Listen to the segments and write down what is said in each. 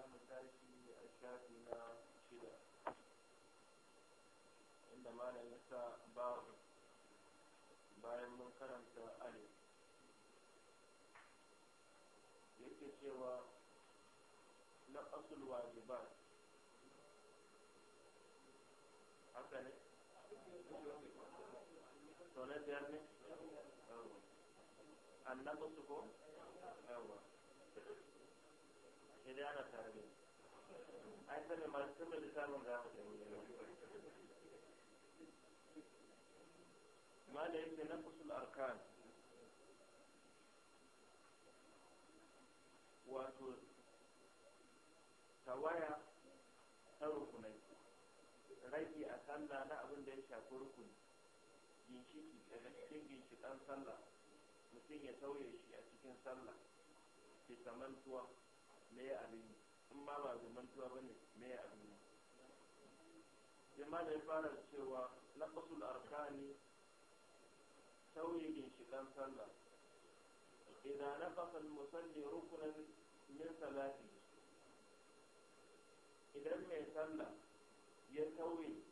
za mu tashi a shafi na shida inda malam ya sa ba bayan mun karanta alif yake cewa na asul wajibat haka ne to na biyar ne annabi su ko dai ana tare da ai sai mai sai mai littafin da aka ma da yake na fusul arkan wato tawaya ta rukunai rage a sallah na abin da ya shafi rukuni ginshiki daga cikin ginshikan sallah mutum ya tauye shi a cikin sallah ke samantuwa me ya abin yi in ma ba zaman tuwa ba ne me ya abin yi jama'a da ya fara cewa na ƙasul arkani sauyi ginshiƙan sallah Ina na fasal musalli rukunan min salati idan mai sallah ya sauyi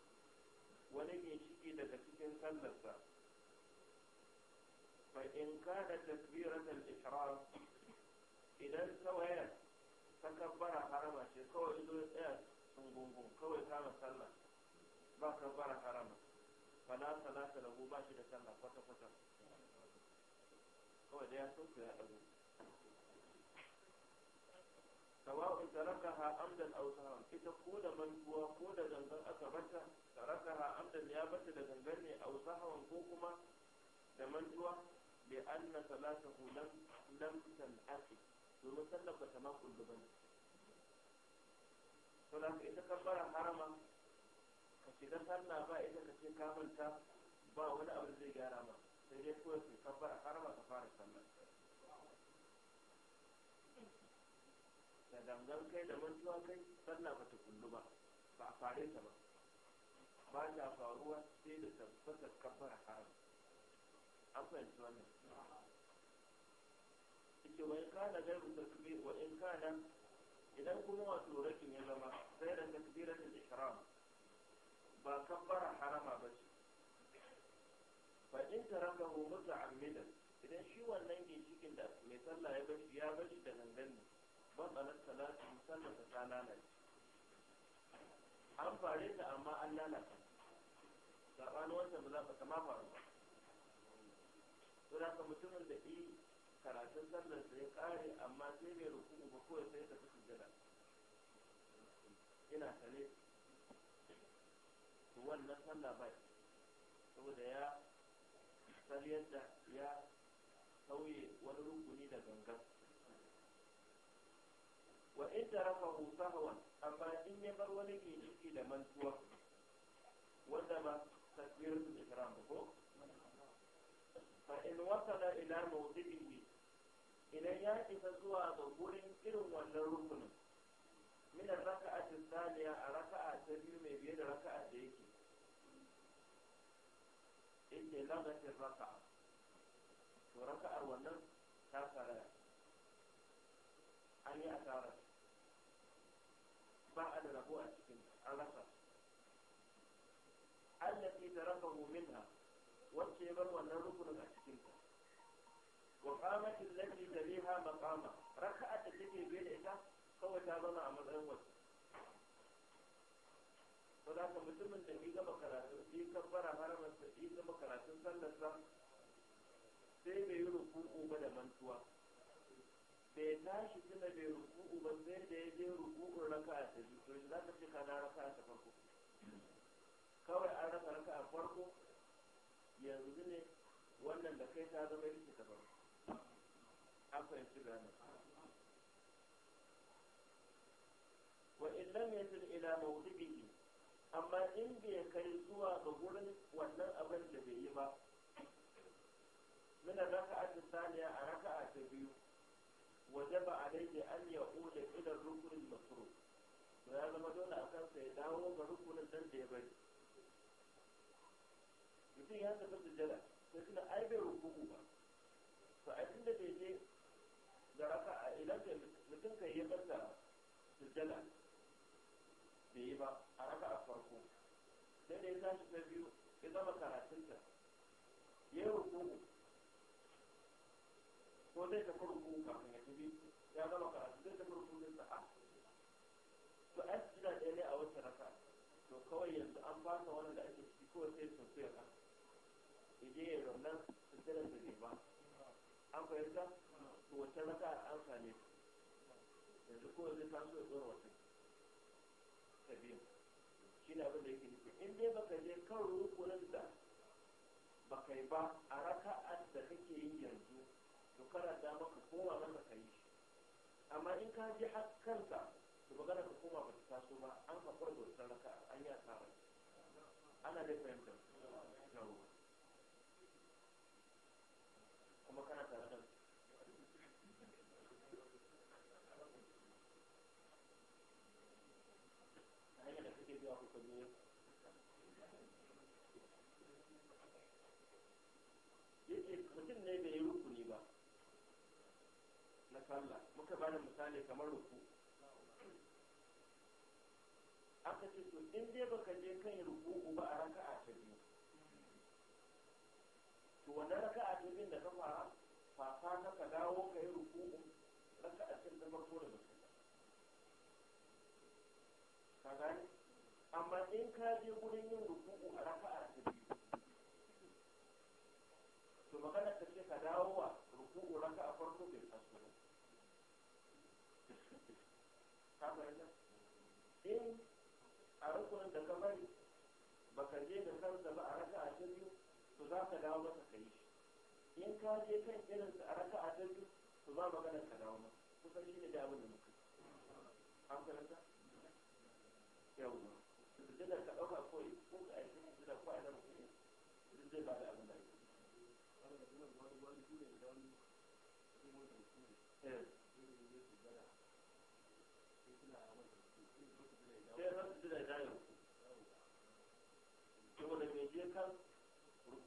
wani ginshiki daga cikin sallarsa fa in kana takbiratul ihram idan tawayar kabbara harama ce kawai ido ya tsaya gungun kawai kama sallah ba kabbara harama fala salata lahu ba shi da sallah kwata kwata kawai dai ya sauke ya dago sawa'un tarakaha amdan aw sahawan ita ko da mantuwa ko da gangan aka bata tarakaha amdan ya bata da gangan ne aw sahawan ko kuma da mantuwa bi anna salatahu lam lam tan'aqi domin sallar ba ta ma kullu bane to ka ita kabbaran harama ka shiga sallah ba ita ka ce ka manta ba wani abu zai gyara ma sai dai kawai ka kabbara harama ka fara sallah da gangan kai da mantuwa kai sallah ba ta kullu ba ba a fare ta ba ba ta faruwa sai da tabbatar kabbara harama an fahimci wannan ita wani kana gaibu takbir wa in kana idan kuma wato rakin ya zama Sai ba غير تكبيرة الإحرام فكبر حرم بس فإن تركه متعمدا إذا شي wannan ginshikin da mai sallah ya bashi ya bashi da gangan ne ban tsanar salatu sallar ta ta lalace an fare ta amma an lalata saɓanin wancan ba za ka kama faru ba to da ka mutumin da i karatun sallar sai kare amma sai bai ruku ba kawai sai ka fi ina sane su wannan sallah bai saboda ya san da ya sauye wani rukuni da gangan wa in tarafahu sahwan amma in ya bar wani ginshiki da mantuwa wanda ba takbiratul ihram ko fa in wasala ila mawdihi idan ya isa zuwa ga gurin irin wannan rukunin sai lagatin raka'a to raka'ar wannan ta saraya an yi asarar ba a da rabo a cikin an rasa allati tarafahu minha wacce ya bar wannan rukunin a cikin ta wa qamat allati tabiha maqama raka'at da take biye da ita kawai ta zama a matsayin wacce to da mutumin da bai gama karatu ba sai bai yi ruku'u ba da mantuwa bai tashi tuna bai ruku'u ba sai da ya je ruku'un raka a ta biyu to za ka ce ka na raka a ta farko kawai an raka raka a farko yanzu ne wannan da kai ta zama ita ta farko an fahimci gane wa in lam yasil ila mawdi'ihi amma in bai kai zuwa ga gurin wannan abin da inda raka'a saniya a raka'a ta biyu wajaba alayhi an ya'uda ila rukunin masruf to ya zama dole a kansa ya dawo ga rukunin dan da ya bari mutum ya tafi sujjada sai tuna ai bai rukuku ba to ai tunda bai je ga raka'a idan mutum kai ya bai yi ba a raka'a farko sai ya biyu ya zama yi rukuku ko zai ta kurkuku kafin ya tafi ya gama karatu zai ta kurkuku zai sa'a to a da ɗaya ne a wata raka to kawai yanzu an fasa wani da ake ciki ko sai su fiye ka ije ya rannan su tsira da ne ba an fahimta to wata raka an same su yanzu ko zai taso ya tsora wata ta biyu shi ne abin da yake nufi in dai baka je kan rukunin da baka yi ba a raka'ar da kake yin yanzu karanta maka koma maka ka yi amma in ka ji har kanka to magana ka koma ba ta taso ba an ka kwargo da raka an ya sa ana dai fahimta kuma kana tare da hanyar da kake zuwa kuka biyu sallah muka ba da misali kamar ruku aka ce to in dai ba za ka dawo masa ka yi shi in ka je kan irin a raka a can duk su ba magana ka dawo masa kusan shi ne da abin da muka an karanta yawwa sujjadar ka ɗauka ko yi ko ka aiki ko a zama kuɗi duk zai ba da abin da ake eh. sai ran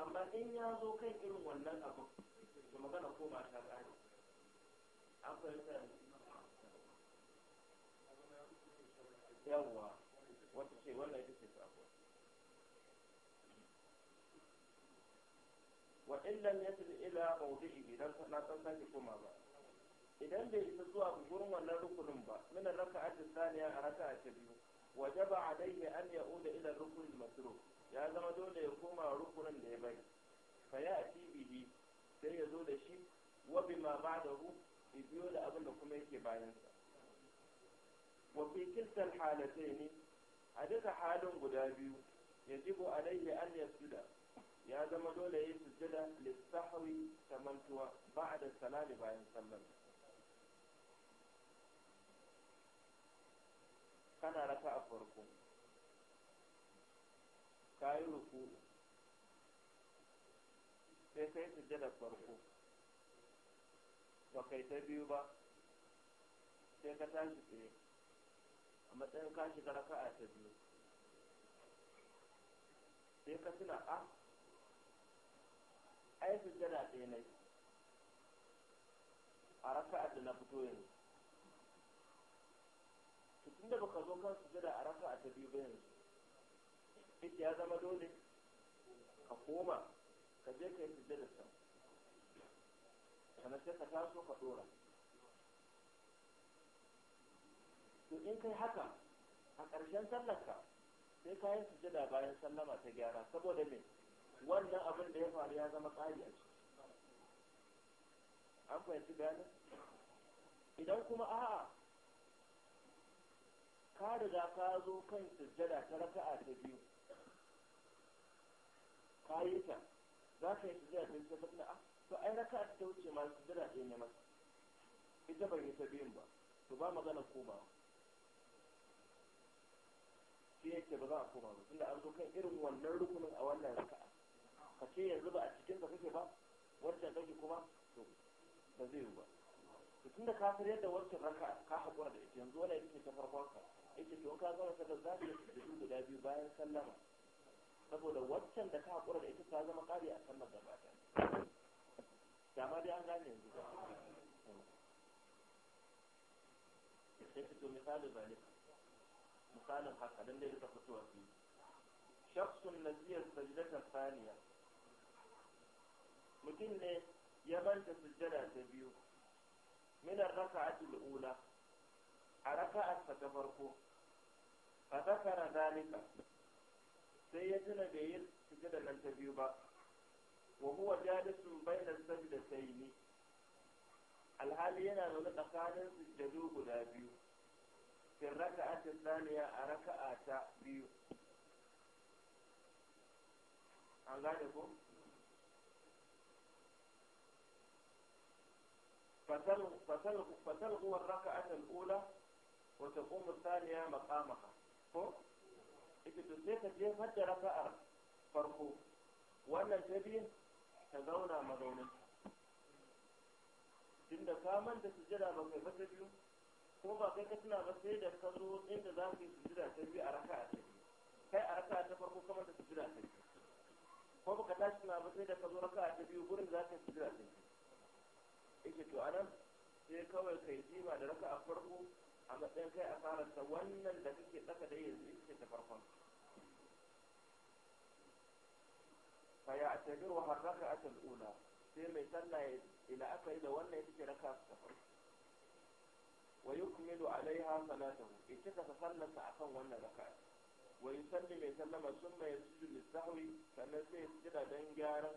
amma in ya zo kan irin wannan abu da magana ko ba ta tsari an fahimta yawwa wata ce wannan ita ce sabuwa wa ya yasil ila mawdi'i dan na san sake koma ba idan bai isa zuwa gurin wannan rukunin ba raka raka'at saniya a raka'a ta biyu wajaba alayhi an ya'uda ila rukun masruf ya zama dole ya koma rukunin da ya bari fa ya ati bihi sai ya zo da shi wa bima ba'dahu ya biyo da abin da kuma yake bayan sa wa fi kiltal halataini a duka halin guda biyu ya yajibu alayhi an yasjuda ya zama dole ya yi sujjada lissahwi tamantuwa ba'da salami bayan sallar kana rasa a farko ka yi ruku, sai kai sujjadar farko ba kai ta biyu ba sai ka tashi tsaye a matsayin ka shiga raka'a ta biyu sai ka tuna a ai sujjada ɗaya na a raka'a da na fito yanzu tun da baka zo kan sujjada a raka'a ta biyu ba yanzu duk ya zama dole ka koma ka je ka yi su. sau sannan sai ka taso ka dora to in kai haka a ƙarshen sallarka sai ka yi sujada bayan sallama ta gyara saboda me wannan abin da ya faru ya zama ƙari a ciki an fahimci bayanin idan kuma a'a ka riga ka zo kan sujada ta raka'a ta biyu ka za ka yi su zai sai faɗi a to ai raka ta wuce ma sujjada ɗaya ne masa ita bai yi ta biyun ba to ba magana komawa shi yake ba za a koma ba tunda an zo kan irin wannan rukunin a wannan raka'a ka ce yanzu ba a cikin ka kake ba wancan kake kuma to ba zai yi ba tun da ka yadda wancan raka ka haƙura da ita yanzu wani ce ta farkon ka yake to ka zama sallar za ka yi guda biyu bayan sallama saboda waccan da ka haƙura da ita ta zama ƙari a sallar gaba ta dama dai an gane yanzu ba sai fito misali ba ne misalin haka dan dai rika fitowa fi na naziyar sajidatar saniya mutum ne ya manta sujjada ta biyu minar raka a ula a raka a ta farko fa zakara zalika sai ya tuna bai yi sujada nan ta biyu ba wa huwa jalisun da sajdataini alhali yana zaune tsakanin sujjadu guda biyu fin raka'atin tsaniya a raka a ta biyu an gane ko raka huwa raka'atul ula wa taqumu thaniya maqamaha ko ita to sai ka jefar da raka'ar farko wannan ta biyu ta zauna mazaunin tunda ka manta sujada ba kai ba ta biyu ko ba kai ka tuna ba sai da ka zo inda za ka yi jira ta biyu a raka'a ta biyu kai a raka'a ta farko ka manta sujada ta biyu ko ka tashi tuna ba sai da ka zo raka'a ta biyu gurin za ka yi sujada ta biyu yake to anan sai kawai kai jima da raka'a farko a matsayin kai a asararsa wannan da kake tsaka da yanzu ita ce ta farkon fa a tabiru har raka'at a ula sai mai sallah ya ila yi da wannan ita ce raka'a ta farko wa yukmilu alaiha salatahu ita ka sallarsa akan wannan raka'a wa yusalli mai sallama sun summa yasjudu lis-sahwi sannan sai ya sujada dan gyaran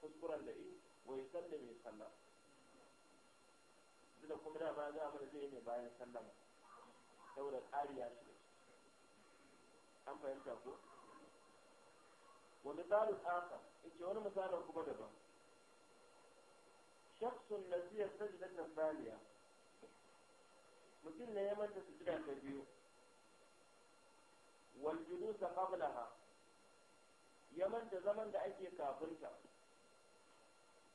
kuskuren da yi wa yusalli mai sallama duk da kuma da ba za mu da zai ne bayan sallama saboda ƙari ya shiga an fahimta ko wani misalin aka ce wani misalin kuma daban shaksun nasiyar sajidar nasaniya mutum ne ya manta sujida ta biyu wal julusa qablaha ya manta zaman da ake kafinta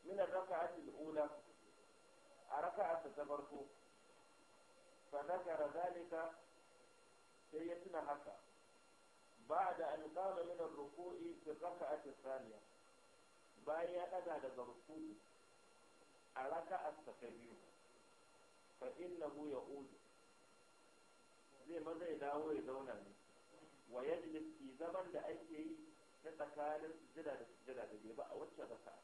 min ar ula a raka'a ta farko fa nazara zalika sai ya tuna haka ba'da da qama min ar-ruku'i fi raka'ati thaniya bayan ya ɗaga daga ruku'i a raka'a ta biyu fa innahu ya'udu zai maza ya dawo ya zauna ne wa yajlis fi zaman da ake yi ta tsakanin sujada da sujada da bai ba a waccan raka'a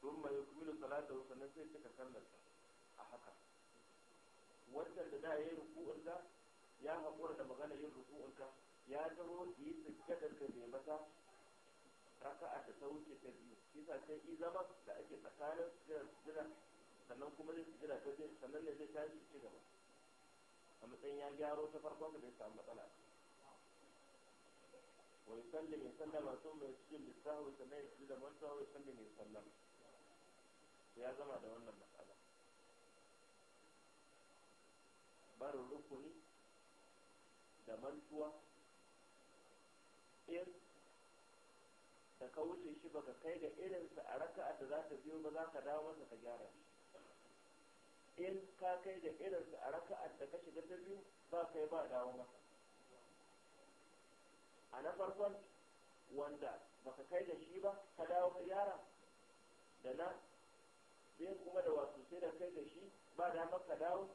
ثم يكمل صلاته sannan sai cika sallarsa haka wanda da da ya yi ruku'unta ya haƙura da magana yin ruku'unta ya zama wanda yi sujjadar da mai mata a ta sauke ta biyu sa sai i zama da ake tsakanin sujjadar sujjada sannan kuma zai sujjada ta biyu sannan ne zai tashi ci gaba a matsayin ya gyaro ta farkon da ya samu matsala wai yusallim mai sallama sun mai cikin lissahu sannan ya sujjada mantuwa wa yusallim mai sallama ya zama da wannan ba barin rukuni da mantuwa in da ka wuce shi baka kai ga irinsa a raka'a da za ta biyo ba za ka dawo masa ka gyara shi in ka kai ga irinsa a raka'a da ka shiga ta biyu ba kai ba dawo masa a na farkon wanda baka kai da shi ba ka dawo ka gyara da na zai kuma da wasu sai da kai da shi ba da maka dawo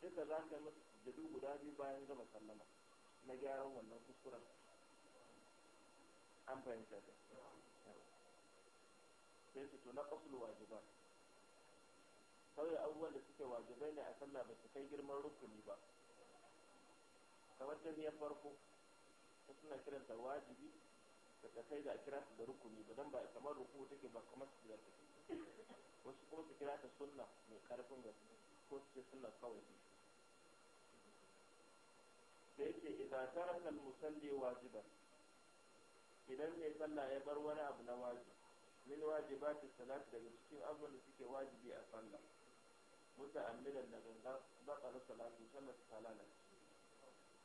duka za ka yi jadu guda biyu bayan gama sallama na gyaran wannan kuskuren an fahimta ta sai su tuna na ƙasul wajiba kawai abubuwan da suke wajibai ne a sallah ba su kai girman rukuni ba kamar ta niyyar farko ta suna kiranta wajibi da ta kai da a su da rukuni ba don ba kamar ruku take ba kamar su da wasu kuma su kira ta sunna mai karfin gaske ko su ce sunna kawai da yake idan taraka musalli wajiban idan mai sallah ya bar wani abu na wajibi min wajibati salat daga cikin abubuwan da suke wajibi a sallah muta'ammidan da ganga baqara salatu sallat salala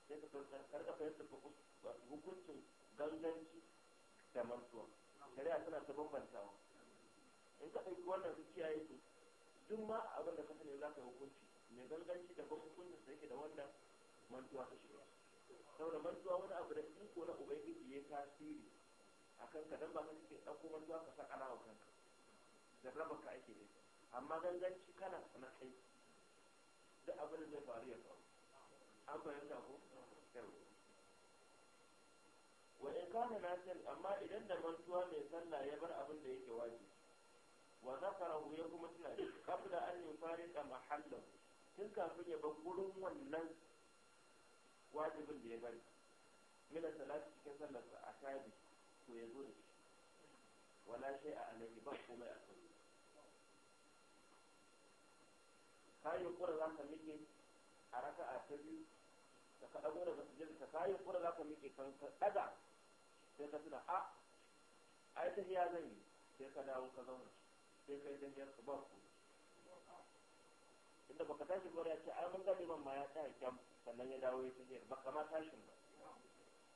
sai ka karka fahimta hukuncin ganganci da mantuwa shari'a tana ta bambantawa in ka ɗauki wannan su kiyaye su duk ma abin da ka sani za ka hukunci mai ganganci da kuma hukuncin da yake da wannan mantuwa ta shiga saboda mantuwa wani abu da iko na ubangiji ya tasiri a ka dan ba ka cikin ɗauko mantuwa ka san na kanka raba ka ake da amma ganganci kana na kai da abin da zai faru ya faru an fahimta ko wa in kana nasin amma idan da mantuwa mai sallah ya bar abin da yake wajibi wa zakarahu ya kuma kafin da an yi yufariqa mahallahu tun kafin ya bar gurin wannan wajibin da ya bari mina salati cikin sallarsa a tabi to ya zo da shi wala shay a alaihi ba komai a kan ka yi kura za ka miƙe a raka'a ta biyu da ka ɗago ba sujjada ka yi kura za ka miƙe kan ka daga sai ka tuna a ai ta hiya zan yi sai ka dawo ka zauna sai ka yi dangiyar ka ba ku inda baka tashi gora ya ce ai mun ga liman ma ya tsaya kyamu sannan ya dawo ya tafiyar eh, ba kamar tashin ba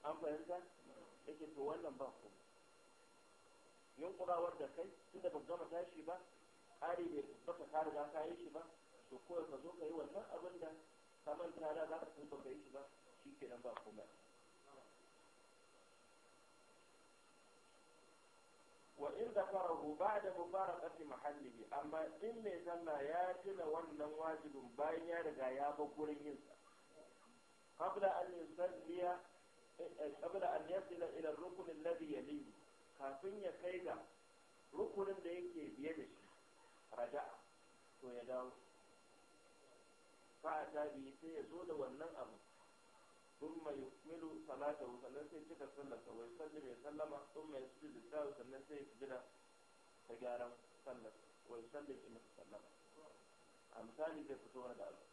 an fahimta yake to wannan ba ku yunkurawar da kai tunda ba gama tashi ba ƙari bai baka ka riga ka yi shi ba to kawai ka zo ka yi wannan abin da ka manta da za ka tuba ka yi shi ba shi ke nan ba komai wa in zakarahu ba'da mufaraqati mahallihi amma in mai sallah ya tuna wannan wajibin bayan ya riga ya ba gurin yinsa قبل أن يصلي قبل أن يصل إلى الركن الذي يليه kafin ya kai ga rukunin da yake biye da shi raja'a to ya dawo fa'a sai ya zo da wannan abu sun mai milu salata sannan sai cika sallarsa wai salli mai sallama sun mai sannan sai ta gyaran wai zai da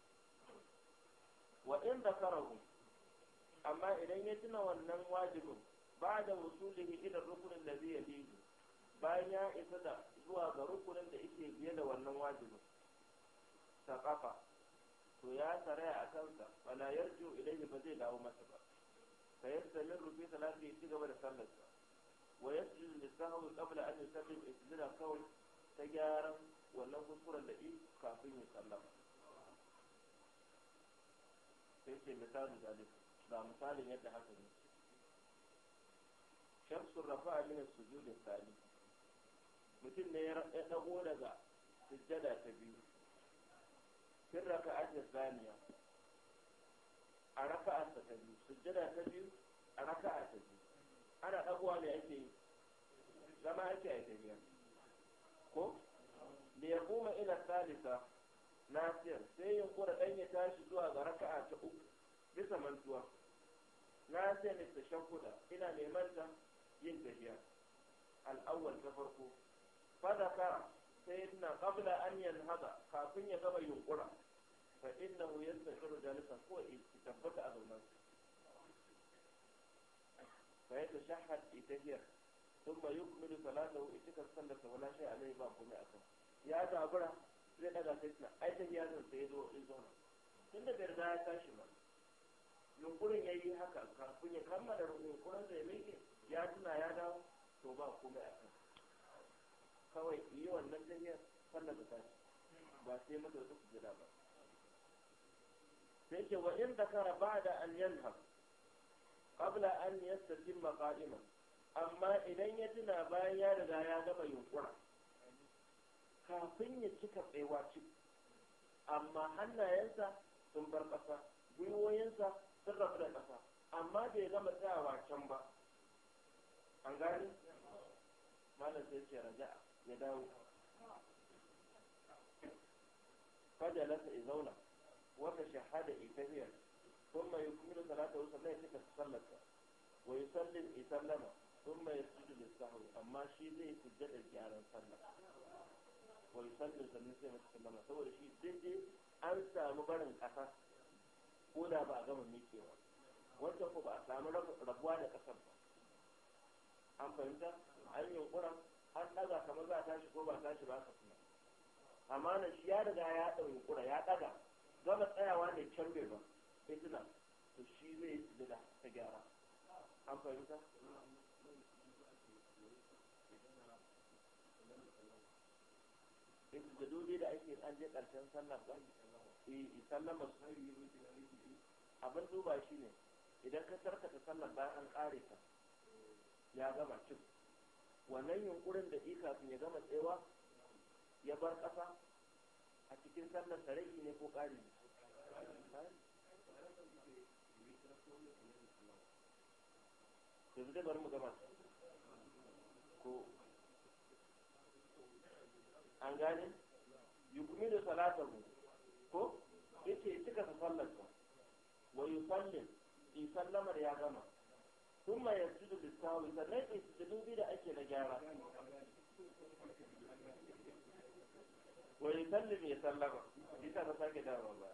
wa in zakarahu amma idan ya tuna wannan wajibin ba da wusulihi ila rukunin da zai yalihi bayan ya isa da zuwa ga rukunin da yake biye da wannan wajibin saqafa to ya tsaraya a kansa wala yarju ilayhi ba zai dawo masa ba fa yastamiru fi salati ya ci gaba da sallarsa wa yasjudu lisahwi qabla an yusallim isjuda kawai ta gyaran wannan kuskuren da kafin ya sallama sai ce misalin zalika ba misalin yadda haka ne shamsun rafa min sujudi tsali mutum ne ya dago daga sujjada ta biyu fin raka ajiyar zaniya a raka'a ta biyu sujjada ta biyu a raka'a ta biyu ana dagowa ne ake yi zama ake a ko da ya kuma ila salisa nasiyar sai yunkura dan ya tashi zuwa ga raka'a ta uku bisa mantuwa nasiyar ne ta shakuda ina mai manta yin tafiya al'awwal ta farko fadakara sai na qabla an haka kafin ya gama yunkura fa innahu yastaqiru jalisan ko tabbata a zaunan fa yatashahhad itahiyar ثم يكمل صلاته اتكر صلى ولا شيء عليه ما قمع ya dabura. zai daga sai tuna ai tafiya zan sai ya zo ya tun da bai ya tashi ba yunkurin ya yi haka kafin ya kammala yunkurin da ya miƙe ya tuna ya dawo to ba komai a kan kawai yi wannan tafiyar sannan ba tashi ba sai mata wata sujada ba sai ke wa in kara ba da an yanhar kabla an yastajimma qa'iman amma idan ya tuna bayan ya riga ya gama yunkura kafin ya cika tsaiwa ci amma hannayensa sun bar ƙasa gwiwoyinsa sun rabu da ƙasa amma bai gama tsayawa can ba an gani malam sai ce raja ya dawo fajalasa ya zauna wata shahada ita biyar ثم يكمل صلاته وصلى يتك تصلى ويسلم يسلم ثم يسجد للسهو اما شي زي سجد الجار صلى wa yusalli sannan sai mata sallama saboda shi daidai an samu barin ƙasa ko da ba a gama miƙewa wancan ko ba a samu rabuwa da ƙasar ba an fahimta an yunkura an ɗaga kamar za a tashi ko ba a tashi ba ka tuna amma nan shi ya riga ya ɗan yunkura ya ɗaga gama tsayawa ne can bai ba na to shi zai yi da ta gyara an fahimta da dole da ake an je karshen sallar ba eh sallama abin duba shi ne idan ka tarkata sallar bayan an kare ta ya gama cin wannan yunkurin da ika kafin ya gama tsewa ya bar kasa a cikin sallar sarai ne ko kari yanzu dai bari mu gama ko an gane yukmilu salatahu ko yace cika sa sallarsa wa yusallim in sallamar ya gama thumma yasjudu lisawi sannan in sujudu bi da ake na gyara wa yusallim ya sallama ita ba sake dawa ba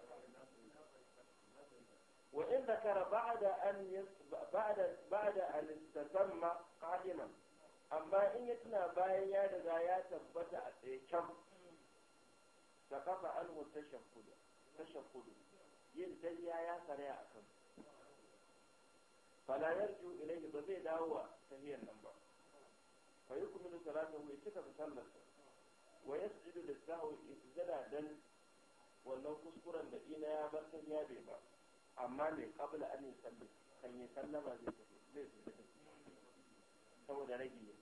وإن ذكر بعد أن بعد بعد أن استتم قائما amma in ya tuna bayan ya riga ya tabbata a tsaye can ta kafa alwar tashan kudu yin tarya ya karaya a kan falayar yarju ilayhi ba zai dawo a tahiyar nan ba fa yukmilu salatahu ya cika sallarsa wa yasjudu lisahu izjada dan wannan kuskuren da ina ya bar tahiyya bai ba amma mai kabla an yi sallama zai tafi zai saboda rage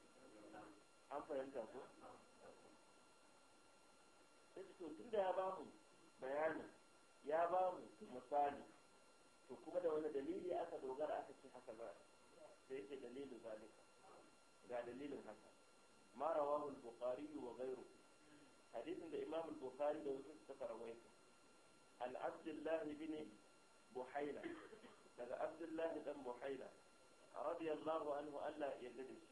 an fahimta ko sai to tunda ya bamu bayanin ya bamu misali to kuma da wani dalili aka dogara aka ce haka ba sai yake dalilin zalika ga dalilin haka ma rawahu al-bukhari wa ghayruhu hadisin da imam al-bukhari da wasu suka rawaita an abdullah ibn buhaila daga abdullah dan buhaila radiyallahu anhu Allah ya gade shi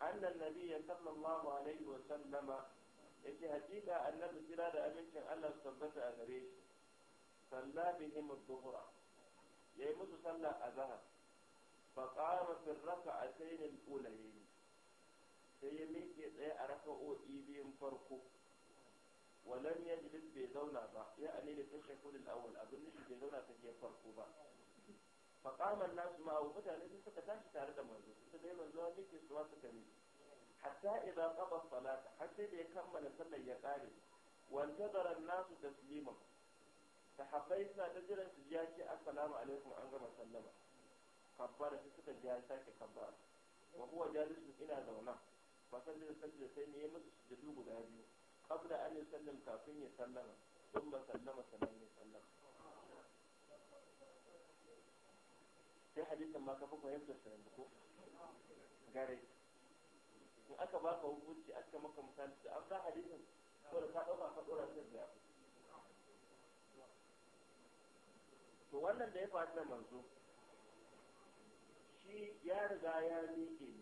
annan nabiyya sallallahu alaihi wa sallama yace hakika annabi jira da abincin Allah su tabbata a gare shi salla bihim dhuhra yayi musu sallah azhar fa qama fi rak'atayn al-ulayn sai ya miƙe tsaye a raka'o'i biyun farko walam yajlis bai zauna ba ya ani da tashakkul al-awwal abin da bai zauna ta farko ba faƙamar nasu ma'ahu mutane sun suka tashi tare da manzo su dai manzo an yake suwa suka ne hatta idan har sai da ya kammala sallar ya kare. wanta zaran nasu taslima sahabbai suna ta jiran su jiya ce assalamu alaikum an gama sallama kabbara sai suka jiya sake kabbara wa huwa jalisun ina zauna fa sallar sallar sai musu guda biyu qabla an kafin ya sallama thumma sallama sannan ya sallama sai hadisin ma kafa kuma yadda sa yanzu ko gare in aka baka hukunci aka maka misali da an ga hadisin ko da ka dauka ka dora sai da to wannan da ya faru da manzo shi ya riga ya miƙe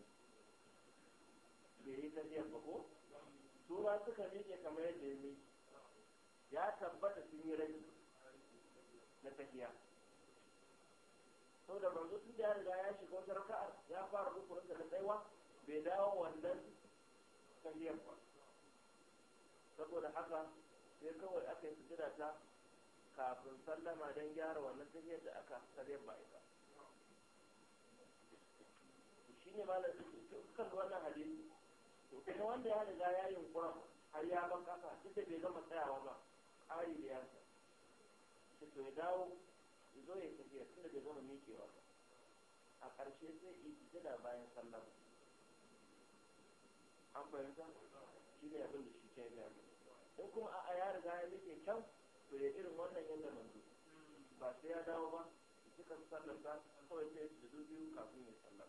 ne bai yi tafiyar ba ko su ma suka miƙe kamar yadda ya miƙe ya tabbata sun yi rai na tafiya saboda manzo tun da ya riga ya shiga wata raka'ar ya fara rukunin da na tsaiwa bai dawo wannan tahiyar ba saboda haka sai kawai aka yi sujada ta kafin sallama don gyara wannan tahiyar da aka sarrafa ba ita shi ne malar kan wannan hadisi to kuma wanda ya riga ya yi kuran har ya ban kasa duk da bai gama tsayawa ba ƙari da yasa shi to ya dawo zo ya tafiya tun da bai gama miƙewa ba a ƙarshe sai da bayan sallama an fahimta shi ne abin da shi ke gaya in kuma a ya riga ya miƙe kyau to ya irin wannan yadda manzo ba sai ya dawo ba suka sallata kawai sai da dubu biyu kafin ya sallar.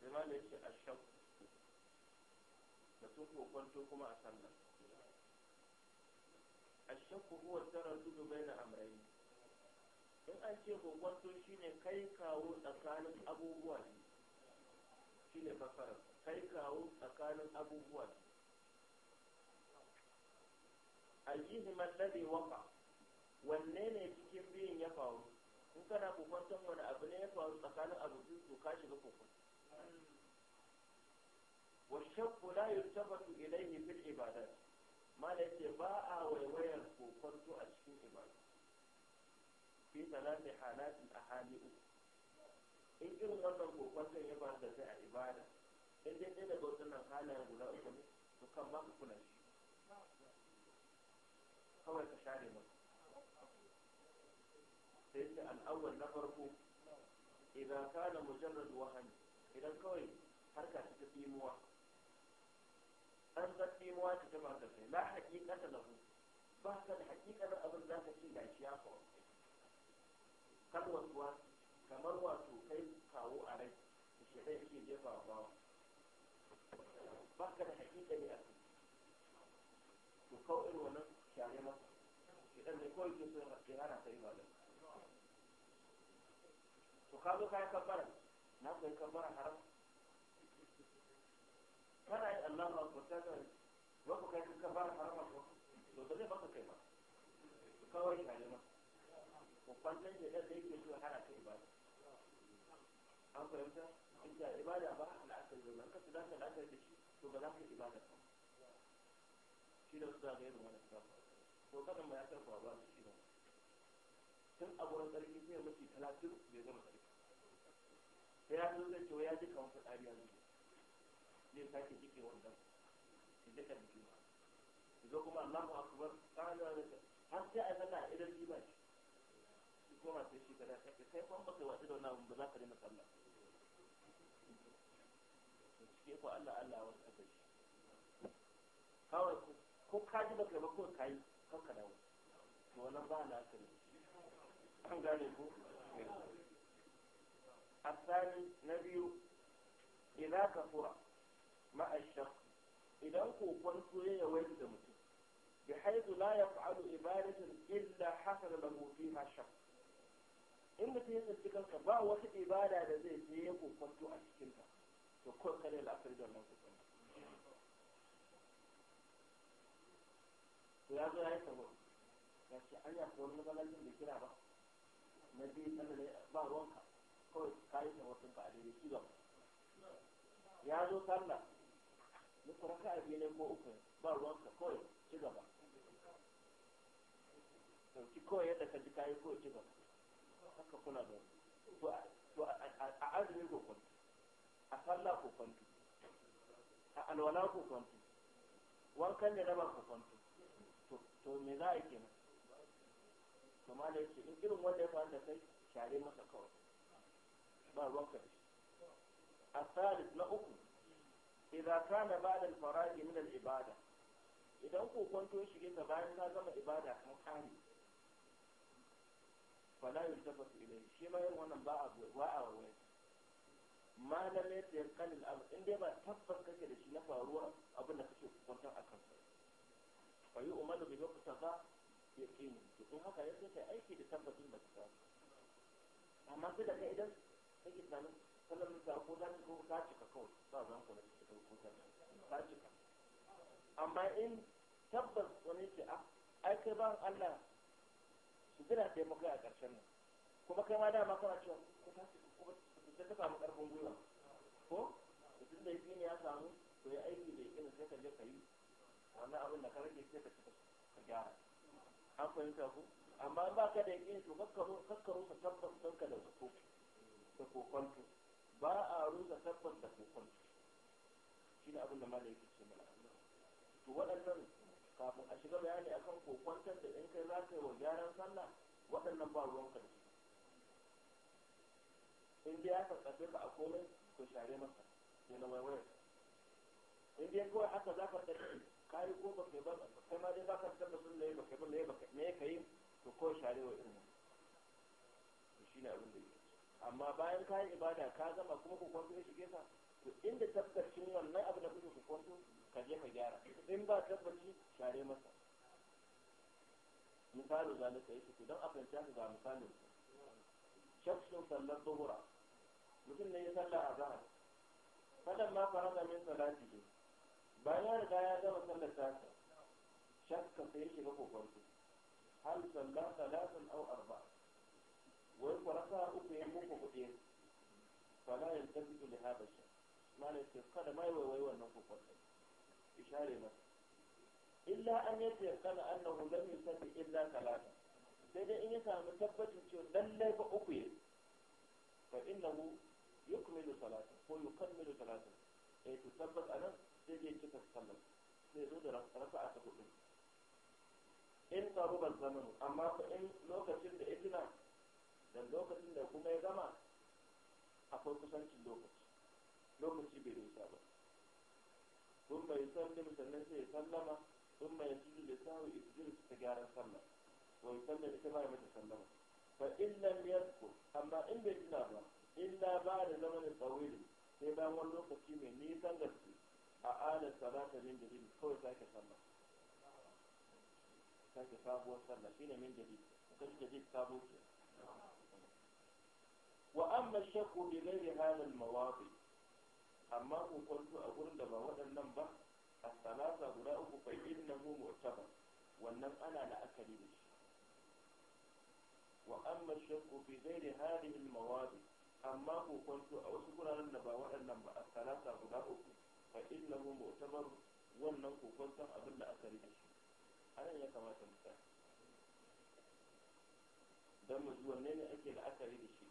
sai ma a shan da sun kwanto kuma a sallar. ashakku huwa taraddudu baina amrayn in an ce kokonto shine kai kawo tsakanin abubuwa ne shine fasara kai kawo tsakanin abubuwa ne ayyihima alladhi waqa wanne ne cikin biyun ya faru in kana kokonton wani abu ne ya faru tsakanin to ka والشك لا يلتفت إليه في العبادات mala yace ba a waiwayar kokonto a cikin ibadu fi salati halati ahali uku in irin wannan kokonto ya ba da sai a ibada in dai ɗaya daga wannan halayen guda uku ne to kan ba ka kula shi kawai ka share masa sai yace al'awwal na farko idan kana mujarrad wahani idan kawai harka ta fi muwa أنزلت مواد جمع درسي ما حقيقة له بحث الحقيقة أبن ذات شيء لا شيء آخر كم وسوا كم وسوا كي تاو عليه الشيخ يحكي جفا الله بحث الحقيقة لأسف وقوئن ونم شاهمة لأن كل جزء غيرانا سيبا لك وقالوا كاي كبرا نعم كاي كبرا حرام kana yi Allah Allahu akbar ta ga wanda kai ka fara harama ko to da ba baka kai ba kawai ka nema ko kwantan da da yake so hana kai ba an fahimta in da ibada ba na asali da ka tsada ka lafiya da shi to ba za ka ibada ba shi da su da ga irin wannan ka to kada mu ya tarfa ba shi ba tun a tsarki sai mutum talatin bai zama tsarki. sai ya zo zai ce ya ji kamar fitsari yanzu zai sake jike wannan su jika jiki su zo kuma Allahu akbar kana da har sai a sallah idan ji ba shi kuma sai shi kada sai kai kwan baka wata da wannan ba za ka rena sallah shi ko Allah Allah wasu aka shi kawai ko ka ji baka ba ko kai kan ka dawo to wannan ba na aka kai an gane ko الثاني نبي إذا كفر ma'ashak idan kokonto ya yawaita da mutum bi haizu la ya fa'alu ibadatin illa da lahu fiha shak in mutum ya tsinci kansa ba wata ibada da zai je ya kokonto a cikin ta to ko kare la'akari da wannan kokonto ya zo ya yi sabo ya ce an yafi wani magalajin da kira ba na biyu tsalle ba ruwanka kawai kayi sabotun ba a daidai shi ya zo sallah muka raka a ba ruwanka kawai ci gaba ɗauki kawai yadda ka ji kayi kawai ci gaba haka kuna da to a ko kwanto a ko kwanto a alwala ko kwanto wankan da ko kwanto to me za a yi kenan to ma da yake in irin wanda ya faru da kai share masa kawai ba ruwanka da shi a na uku idza kana ba'da al-fara'i min al-ibada idan ko kwanto shige ta bayan ka gama ibada ka kare fala yultafatu ilayhi shi ma yin wannan ba a ba a wai ma lam yatayaqan al-amr in ba tabbas kake da shi na faruwa abin da kake kwantar akan sa fa yu'malu bi muqtada yaqin to in haka yake kai aiki da tabbacin da ta samu amma sai da kai idan kake tsanin sallar da ko za ka ko ka cika kawai ba zan kula da ta cika amma in tabbas wani ce a ah, ai kai ba Allah su gina sai muka a ƙarshen nan kuma kai ma dama kana cewa ko ta cika ko ta ta samu ƙarfin gwiwa ko mutum da yake ne ya samu to ya aiki da yake sai ka je ka yi wannan abin da ka rage sai ka cika ka gyara an fahimta ku amma ba ka da yake to kakkaro kakkaro ka tabbas ka da su ko ta kokonto ba a rusa tabbas da kokonto shi ne abin da malam yake ce mana to waɗannan kafin a shiga bayani akan ko kwantar da in kai za ka yi wa gyaran sallah waɗannan ba ruwan ka in dai ya karkace ka a komai to share masa ya na waiwayar in dai kawai haka za ka ka yi ko ba kai ba kai ma dai za ka fitar da sun ba kai ba yi ba me ka yi to kawai share wa irin to shi ne abin da yake amma bayan yi ibada ka gama kuma ko kwanto ya shige ka to inda tabbacin wannan abu da kuke kwanto ka je ka gyara in ba tabbaci share masa misalu zalika yake to don abin ta ga misalin shafsun sallar zuhura mutum ne ya salla a zahar fadan ma fara min salati ne bayan ya riga ya gama sallar tasa shakka sai ya shiga kokonto hal salla salatun au arba wai kwarasa uku ya muku kuɗi fala yantabitu li hada shi malam ce kada mai waiwai wannan kokon ishare masa illa an yace kana annahu lam yusalli illa salata sai dai in ya samu tabbacin cewa lallai ba uku ya fa innahu yukmilu salata ko yukammilu salata eh to tabbas anan sai dai cika sallar sai zo da raka'a ta hudu in qaruban zaman amma fa in lokacin da idina da lokacin da kuma ya gama akwai kusancin lokaci lokaci bai nisa ba sun bai sallim sannan sai ya sallama sun bai sujud da sahu isjud ta gyaran sallah wa ya sallar ita ba mata sallama fa illam yadku amma in bai tuna ba illa ba da zamanin tsawili sai bayan wani lokaci mai nisan gaske a adar salata min dalil kawai sake sallah sake sabuwar sallah shine min dalil ka shi dalil sabo ke wa amma shakku bi ghairi hadal mawadi amma kokonto a gurin da ba waɗannan ba a salasa guda uku fa innahu mu'tabar wannan ana la'akari da shi wa amma shakku fi ghairi hadhihi al-mawadi amma kokonto a wasu guraren da ba waɗannan ba a salasa guda uku fa innahu mu'tabar wannan kokonton abin da aka da shi anan ya kamata mu tsaya dan mu ji wanne ne ake la'akari da shi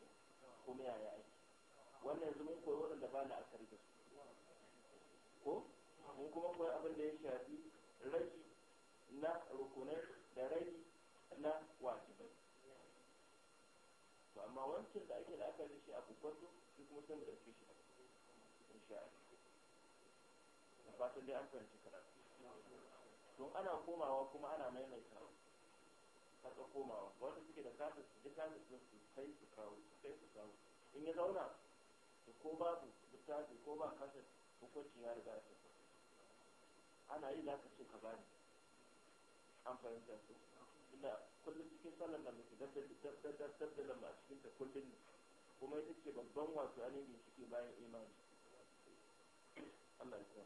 kuma yaya ake wannan yanzu mun koyi waɗanda ba na akari da su ko mun kuma koyi abin da ya shafi ragi na rukunai da ragi na wajibai to amma wancan da ake la'akari shi a kukwanto shi kuma sai mu ɗauke shi insha Allah fatan dai an fahimci karatu to ana komawa kuma ana maimaita kasa komawa wanda suke da kasa su ji kasa su kai su kawo su kai su kawo in ya zauna ko babu littafi ko ba kasar hukuncin ya riga ta ana yi za ka ce ka bani an fahimta su ina kullum cikin sallar da muke dabdar da cikin ta kullum ne kuma ita ce babban wato ainihin ciki bayan imani Allah ya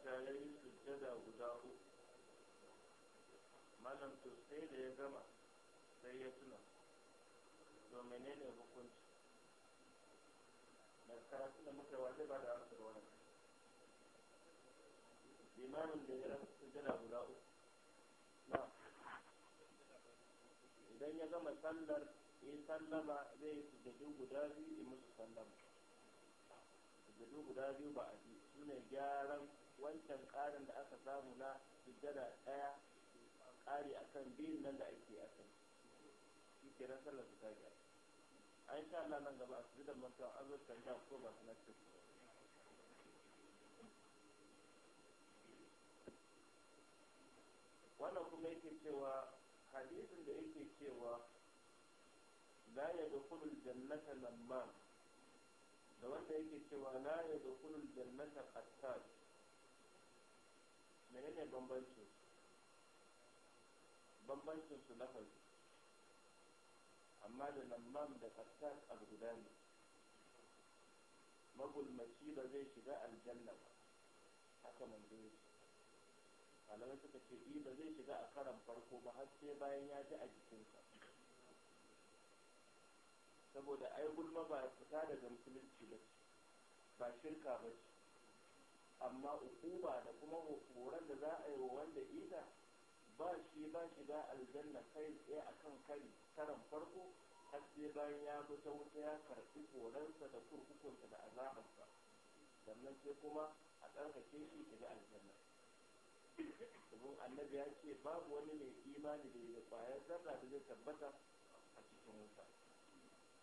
ta ya yi sujjada guda uku malam to sai da ya gama sai ya tuna to menene hukunci Mai karatu da muka waje ba da amsa da wannan limamin da ya rasa sujjada guda uku na idan ya gama sallar in sallama zai yi sujjadu guda biyu in musu sallama sujjadu guda biyu ba a ji su ne gyaran wancan ƙarin da aka samu na sujjada ɗaya kari a kan biyun nan da ake a kan shi ke ran sallar su tafiya a yi sha nan gaba a sujjadar mantuwa an zo da ko ba su na cikin wannan kuma yake cewa hadisin da yake cewa la ya dukulul jannata lamma da wanda yake cewa la ya dukulul jannata qattas menene bambancin bambancin su na lafazi amma da man da kasar abu guda ne magulmaci ba zai shiga aljanna ba haka manzo ya ce suka ce yi ba zai shiga a karan farko ba har sai bayan ya ji a jikinsa saboda ai gulma ba fita daga musulunci ba ba shirka ba ce amma ukuba da kuma horar da za a yi wa wanda ita ba shi ba shi da aljanna kai tsaye a kan kari karan farko har sai bayan ya bi ta wuta ya karɓi horarsa da kurkukunsa da azabarsa sannan sai kuma a tsarkake shi bi aljanna domin annabi ya ce babu wani mai imani da ya kwayar zarra da zai tabbata a cikin wuta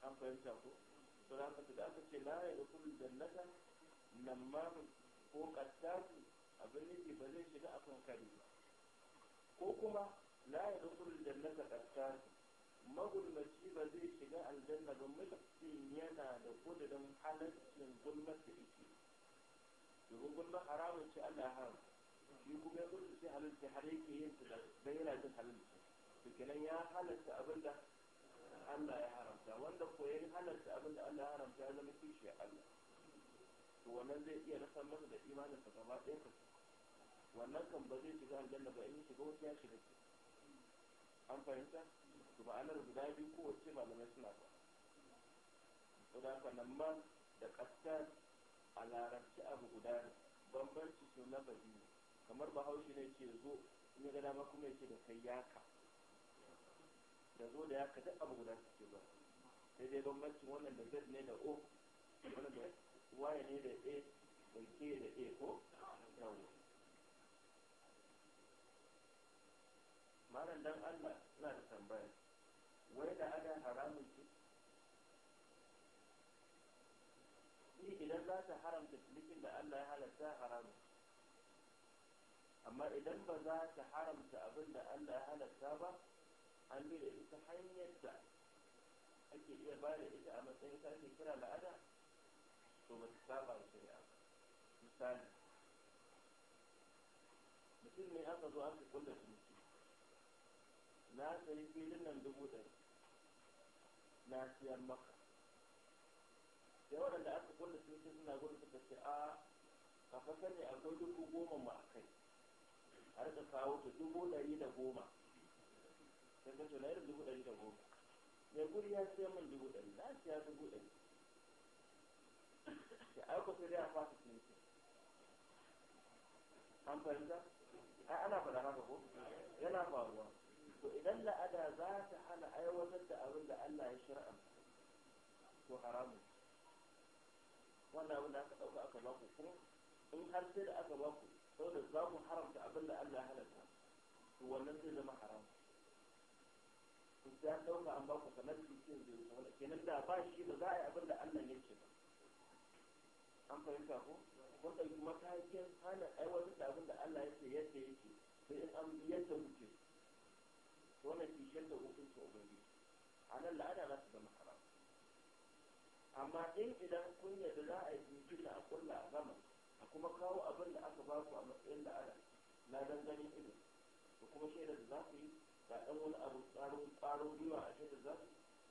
an fahimta ko to da aka ce la ya da kullum jannata nan ma ko kattaku abin nufi ba zai shiga akan kare ba ko kuma la ya dukul jannata kattaku magulmaci ba zai shiga aljanna ba mutum yana da kudurin halaccin gulmar da domin gulmar haramun ce Allah ya haram shi kuma ya gudu shi halalci har yake yin su da yana jin halalci to kenan ya halarta abin da Allah ya haramta wanda ko ya halarta abin da Allah ya haramta ya zama kishiya Allah to wannan zai iya rasa masa da imanin sa gaba ɗayan ka wannan kan ba zai shiga aljanna ba in ya shiga wata ya shiga an fahimta to ma'anar guda biyu kowace malamai suna ba to da haka nan ma da ƙasar a larabci abu guda ne bambanci su na biyu kamar bahaushe ne ke zo in ya gada dama kuma ya ce da kai yaka da zo da yaka duk abu guda suke ba sai dai bambancin wannan da zai ne da o wannan da Waye ne da a da ke da a ko yawon malam dan allah na da tambaya wai da ana haramun ce shi idan za ta haramta cinikin da allah ya halatta haramun amma idan ba za ta haramta abin da allah ya halatta ba an bi da ita hanyar da ake iya ba da ita a matsayin sake kira la'ada to ba ta saba da shari'a misali mutum ne aka zo aka kulla ciniki na sayi filin nan dubu ɗari na siyar maka da waɗanda aka kulla ciniki suna gudu suka ce a kafa sani akwai dubu goma mu a kai a rika kawo ta dubu ɗari da goma sai ka ce na irin dubu ɗari da goma mai guri ya siya min dubu ɗari na siya dubu ɗari ce ai ku sai dai fasa an fahimta ai eh, ana faɗa haka ko yana faruwa to idan la'ada za ta hana aiwatar da abin da Allah ya shir'a to haramu wannan abin da aka ɗauka aka kuma in har sai da aka za ku haramta abin da Allah ya halatta to wannan zai zama ku sai an ɗauka an da ba shi da za a yi abin da Allah ya ce an fahimta ko mun ɗauki matakin hana aiwatar da abin da Allah ya ce yadda yake sai in an yadda wuce wannan kishiyar da hukuncin ubangiji a nan la'ada za su zama haram amma in idan kun yadda za a yi bincike da a kulla a gama a kuma kawo abin da aka ba ku a matsayin la'ada na dangane ido da kuma shaidar da za ku yi ga ɗan wani abu tsaron ƙwarin gwiwa a shaidar za ku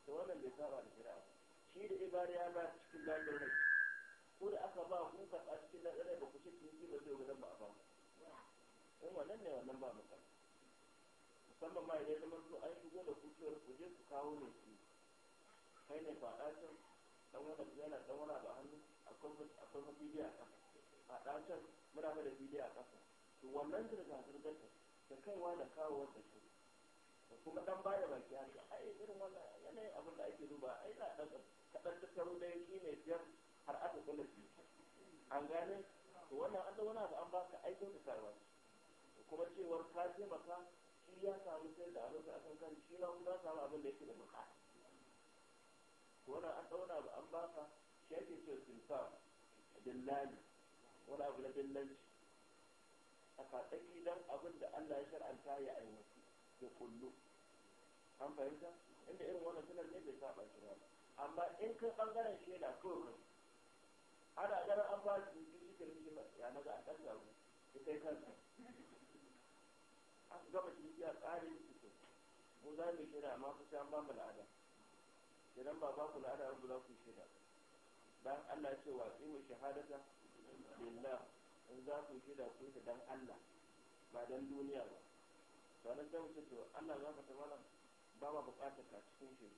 ta wannan bai saba da shari'a shi da ibari ya ba cikin lafiyar ko da aka ba ku karɓa cikin na ɗaya ba ku ce ciniki ba zai gudan ba a ba in wannan ne wannan ba mu maka musamman ma idan zama su an shigo da kuciyar ku je ku kawo ne su kai ne faɗa can ɗan wani yana ɗan wani a hannu akwai ma bidiyo a ƙasa faɗa can muna da bidiyo a ƙasa to wannan zirga-zirgar ta. da kaiwa da kawo da shi da kuma ɗan bada baki haka ai irin wannan yanayin abin da ake duba ai na ɗan kaɗan tattaro da ya shi biyar har aka kula biyu an gane to wannan an da ga an baka aikin da sarwa kuma cewar ka maka shi ya samu sai da abin da aka kan shi ya kuma samu abin da yake da maka to wannan an dauna ga an baka shi ake ce sinfa dillali wani abu na dillanci a katsaki don abin da Allah ya shar'anta ya aiwatu da kullu an fahimta inda irin wannan sunan ne bai saba shi ba amma in kai bangaren shaida kawai ana ganin an ba shi biyu shi kirmi shi ya naga a ɗan garu ya kai kansa aka gama shi ya ƙare shi to mu za mu shira amma ku sai an ba mu la'ada idan ba ba ku la'ada ku za ku shira bayan Allah ya ce wa tsimu shahadata lillah in za ku shira ku yi dan Allah ba dan duniya ba sanan sai mu ce to Allah za ka ta mana ba ma buƙatar ka cikin shi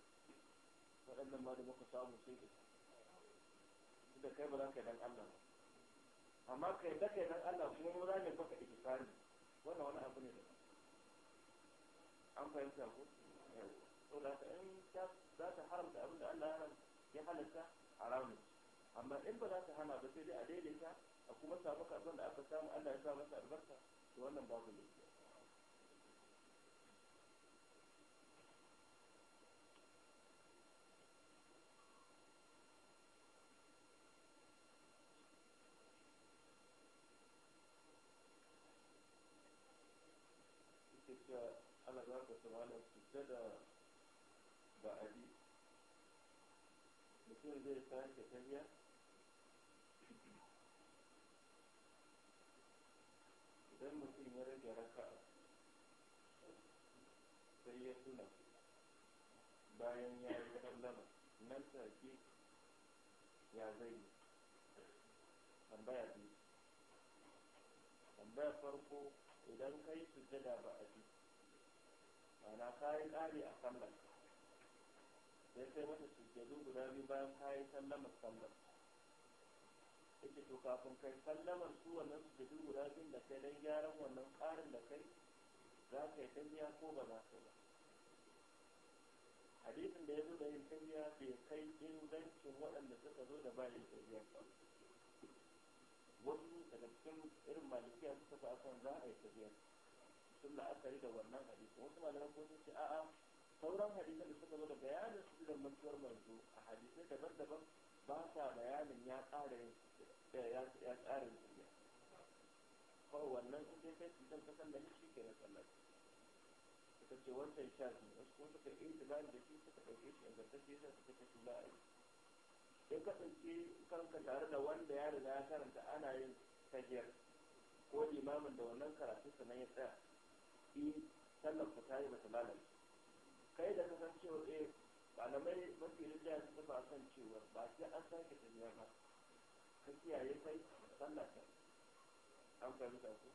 waɗannan ma da muka samu sai ka da kai ba za ka yi dan Allah ba amma kai da kai dan Allah kuma mu za mu baka ikisani wannan wani abu ne da an fahimta ko to da ka in za ta haramta abin da Allah ya halatta haramun amma in ba za ta hana ba sai dai a daidaita a kuma samu karɓar da aka samu Allah ya sa masa albarka to wannan babu ne yadda da ba'adi mutum zai sake tafiya idan mutum ya rage raka'a sai ya tuna bayan ya yi sallama nan take ya zai yi tambaya biyu tambaya farko idan kai sujada ba a ji yi ƙari a sallar sai sai mata sujjadu guda biyu bayan yi sallamar sallar ita to kafin kai sallamar su wannan sujjadu guda biyun da kai don gyaran wannan ƙarin da kai za ka yi tabiya ko ba za ka yi ba hadisin da ya zo da yin tabiya bai kai ingancin waɗanda suka zo da bayan tabiya ba wasu daga cikin irin malikiya suka fi akan za a yi tabiya sun la'akari da wannan hadisi wasu malaman ko sun ce a'a sauran hadisan da suka zo da bayanin su da mantuwar manzo a hadisai daban-daban ba sa bayanin ya ƙara eh, ya ƙara yin kawai wannan in dai kai cutar ka sallah shi ke na sallah ita ce wancan sha biyu wasu kuma suka yi tilal da shi suka ɗauke shi ingantacce sai suka ta shula a yi ya kasance kanka tare da wanda ya riga ya karanta ana yin tahiyar ko limamin da wannan karatu sannan ya tsaya yi sallar ka tayi bata lalace kai da kasan cewa eh malamai mafi rijiya su tafi a kan cewa ba sai an sake tafiya ba ka kiyaye kai sallar ka an fahimta ko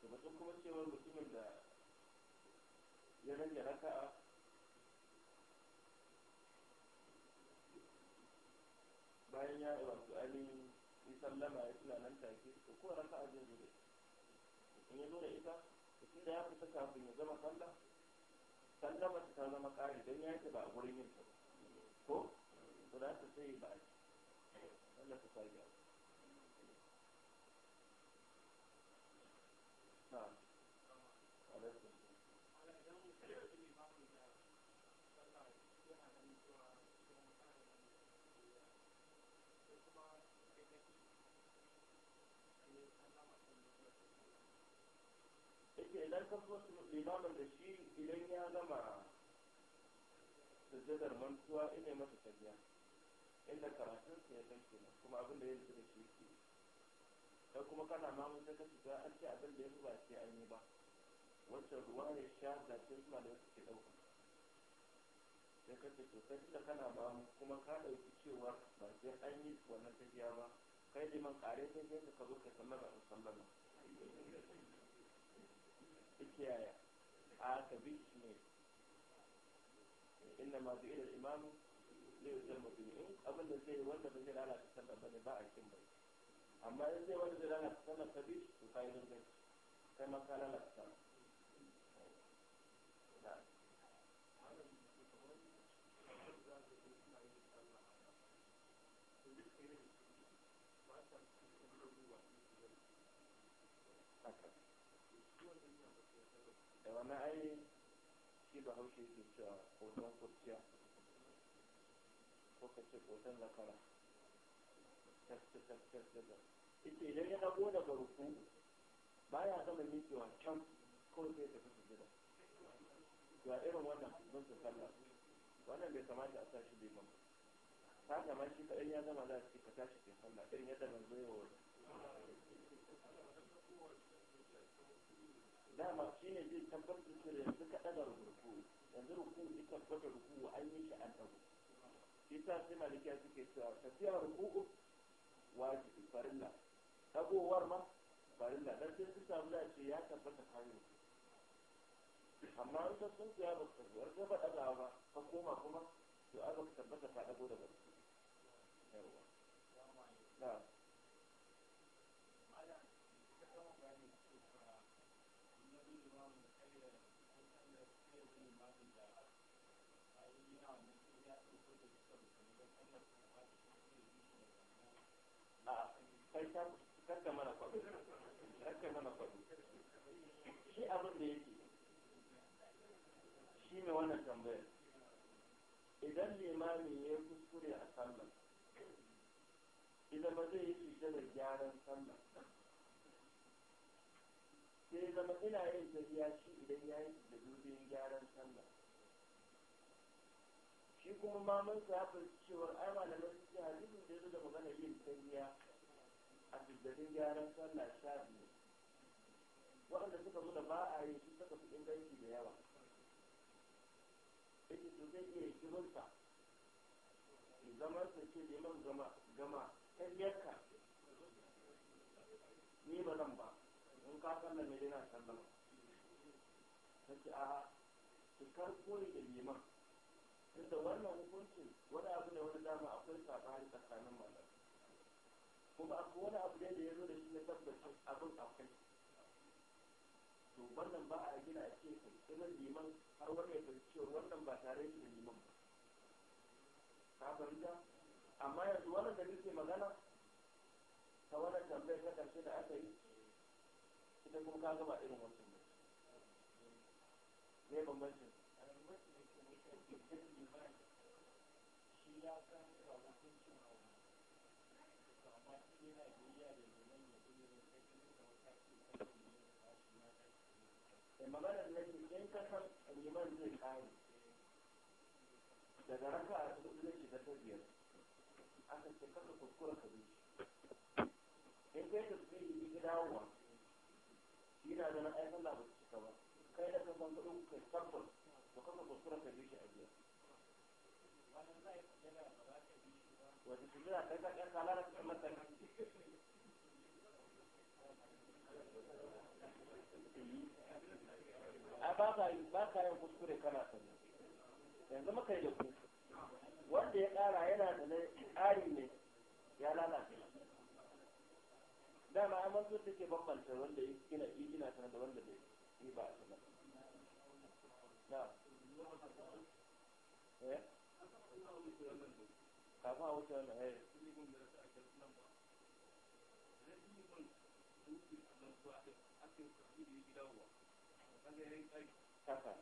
da batun kuma cewar mutumin da ya rage raka'a bayan ya wato ainihin sallama ya tuna nan take ko raka'a zai zo da ita to tunda ya fita kafin ya zama sallah ba ta zama ƙari don ya ba a wurin yin ta ko to da ta sai ba a sallah ta sai karkafo limamin da shi idan ya gama sujjadar mantuwa ina masa tafiya inda karatun sa ya kashe na kuma abin da ya rufe da shi ke ta kuma kana mamun ta kashe ta an ce abin da ya ba sai an yi ba wacce ruwa ne sha da ce suna da wasu ke ɗauka sai kashe to sai da kana mamun kuma ka ɗauki cewa ba sai an yi wannan tafiya ba kai liman ƙare sai sai ka zo ka sallama in sallama ita yaya a ka in abin da zai wanda ba zai lalata sallah da wani ai shi ba haushe ke cewa hoton kurciya ko kace hoton zakara tattattattattattat ita idan ba ya zama can kawai tafi su gida wannan bai kamata a tashi bai ba ta kama ya zama za su tashi irin yadda dama shi ne zai tabbatar da yanzu ka ɗaga rubutu yanzu ruku ya tabbata ruku an yi shi an ɗago shi ta sai malikiya suke cewa tafiya rubutu wajibi farilla ɗagowar ma farilla dan sai su samu da ce ya tabbata kayan amma in ta sun ya ba ka zuwa ka ba ɗagawa ba ka koma kuma to aka tabbata ka ɗago daga ruku. Yawa. kai ta karka mana kwado karka mana kwado shi abin da yake shi ne wannan tambayar idan limami ya kuskure a sallar idan ba zai yi cuta da gyaran sallar sai zama ina yin tafiya shi idan ya yi da dubin gyaran sallar shi kuma mamansa ya fahimci cewar ai malamai su ce hadisin da ya zo magana yin tafiya garin gyaran sallah sha biyu waɗanda suka nuna ba a yi su suka fi inganci da yawa ita su zai iya shirinsa zaman su ce liman gama gama ta biyarka ni ba zan ba in ka sallah mai dina sallama ta ce a ki karko da neman. tunda wannan hukuncin wani abu ne wani dama a kuma akwai wani abu da ya zo da shi na tabbacin abin akwai to wannan ba a gina a ce sunan liman har wani ya cewa wannan ba tare shi da liman ba ka fahimta amma yanzu wannan da nake magana ta wannan tambayar ta ƙarshe da aka yi ita kuma ka gama irin wancan ba ne bambancin shi ya san hukuncin maganar na ce in zai kare daga raka a cikin zai shiga ta biyar aka ce kaka kuskura ka zuci in kai ka zuci yi ga dawowa shi na ganin aikin labar cika ba kai da kan bangaɗo kai tabbas ba kaka kuskura ka zuci a وتسميها كذا كذا على رأس أمتك ba ka yin kuskure kana sani yanzu muka yi da ku wanda ya kara yana da na tsari ne ya lalace dama a manzo take bambanta wanda ya gina gina sana da wanda bai yi ba a sana na kafin a wuce wannan eh kasa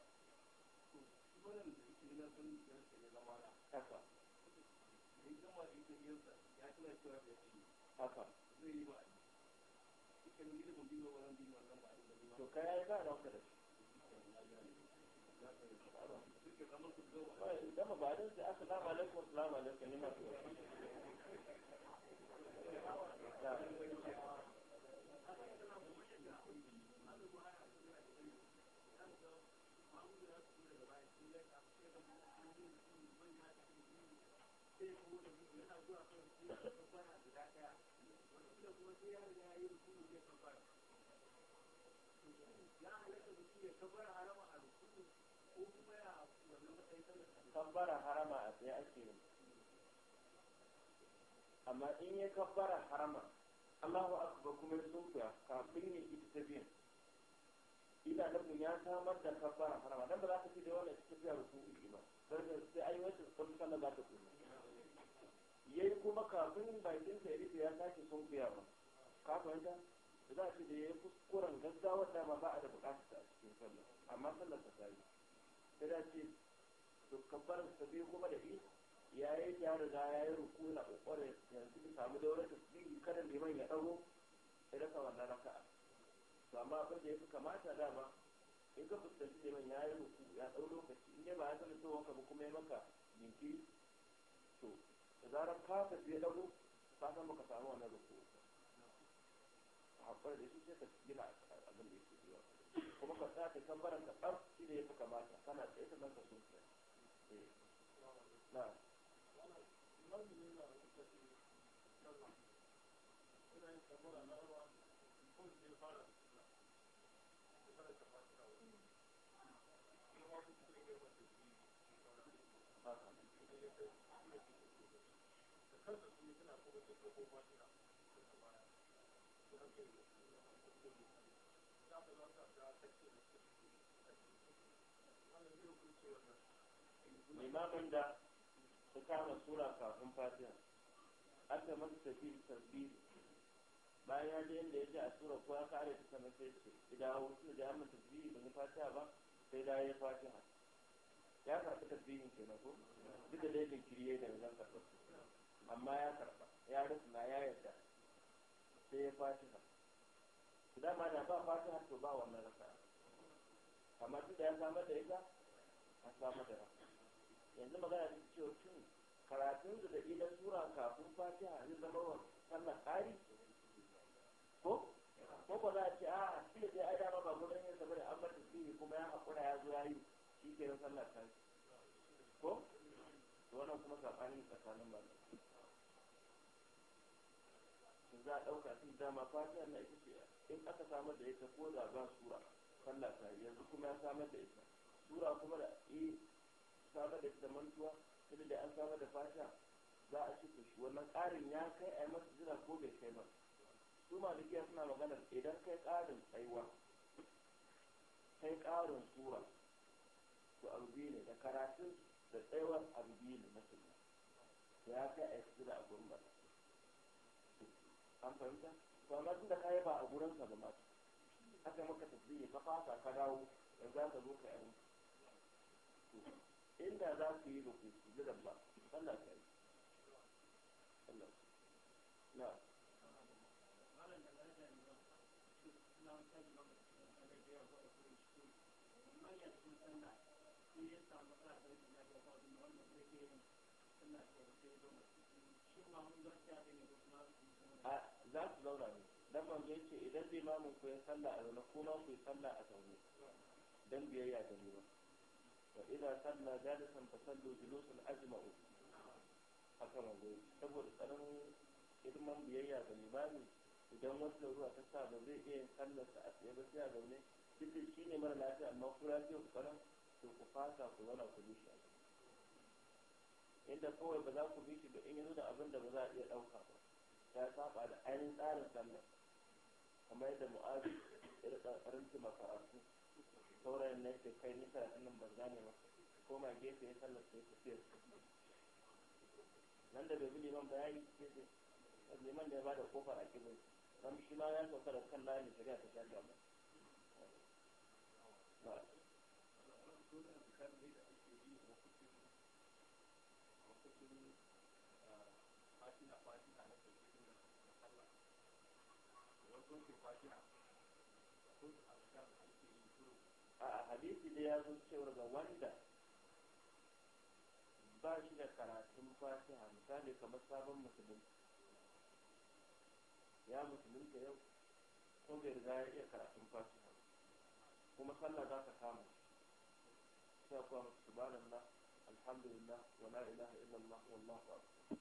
kasa ya gama ba don sai assalamu alaikum assalamu alaikum ne masu Ya halatta mutum ya kabar haram kabbara harama a tsaye ake yi amma in ya kabbara harama Allahu akbar kuma ya sunkuya kafin ya ita ta biyan ila nabin ya samar da kabbara harama dan ba za ka ce da wannan ita su ruku'i ba sai sai ai wata sun na za ta kuma yayi kuma kafin bakin ta ya ya sake sunkuya ba ka fahimta za a ce da yayi kuskuren gaggawa da ba a da bukatar a cikin sallah amma sallar ta sai da ce to kabbarin sa biyu kuma da biyu ya yi ya riga ya yi ruku na kokarin yanzu ki samu daular tasbihi kada liman ya dago ya rasa wannan raka'a to amma abin da yafi kamata dama in ka fuskanci liman ya yi ruku ya dau lokaci in dai ba ya sanin cewa ka kuma ya maka jinkiri to da zarar ka biyu ya dago ka san baka samu wannan ruku haƙar da shi sai ka gina abin da yake kuma ka tsaya ka kambaran ka ɗan shi da ya fi kamata kana tsaye ta nan ka sun tsaye نعم Thank you. limamin da ta kama sura kafin fatiha aka masa tafi tasbihi bayan ya ji yadda ya ji a sura ko ya kare ta sama sai ce idan wasu da ya mata tasbihi ba ni fatiha ba sai da ya fatiha ya karɓi tasbihin kenan ko duk da dai kiriye da zan karɓa amma ya karɓa ya na ya yarda sai ya fatiha ma da ba fatiha to ba wannan rasa amma duk da ya samar da ita an samar da rasa yanzu magana da cewa shin karatun da idan sura kafin fatiha zai zama wa sallar ƙari ko ko ba za a ce a shi da dai ai dama ba gudan yin saboda an bar tasiri kuma ya haƙura ya zo ya yi shi ke na sallar ta ko wannan kuma saɓanin tsakanin ba za a ɗauka tun dama fatiha na ita ce in aka samar da ita ko da ba sura sallar ta yanzu kuma ya samar da ita sura kuma da eh, samar da ita mantuwa tunda da an samar da fasha za a ci shi wannan ƙarin ya kai a yi masa jira ko bai kai ba su malikiya suna magana idan kai ƙarin tsaiwa kai ƙarin sura to abu biyu ne da karatun da tsaiwar abu biyu ne musulma ya kai a yi jira a gurin ba an fahimta to amma tun da ka ba a gurin ka ba ma aka maka tafiye ka fasa ka dawo yanzu za ka zo ka yi inda za ku yi ba ku sujjada ba sallah ta yi sallah na za su zaura ne dan manzo yace idan limamin ku ya sallah a zaune kuma ku ya sallah a zaune dan biyayya da limamin فإذا صلى جالسا فصلوا جلوسا أجمعوا haka magoyi saboda tsananin hidimar biyayya ga limami idan wata ruwa ta sa ba zai iya sallarsa a tsaye ba sai a zaune duk da shi ne mara lafiya amma kula lafiya ku karan to ku fasa ku zauna ku bi shi inda kawai ba za ku bi shi ba in yanzu da abin da ba za a iya ɗauka ba ya saba da ainihin tsarin sallar kamar yadda mu'adu ya da ƙarƙarin makarantu saurayin na yake kai nisa da nan ban gane ba koma gefe ya sallar sai ku fiye nan da bai bi liman bayani sai sai liman da ya bada kofar a kibin don shi ma ya sauka da kan layin da shari'a ta shafi ba hadisi da ya zo cewar ga wanda ba shi da karatun fatiha misali kamar sabon musulun ya musulun yau ko bai riga ya iya karatun fatiha kuma sallah za ka kama sai kuwa subhanallah alhamdulillah wa la ilaha illallah wallahu akbar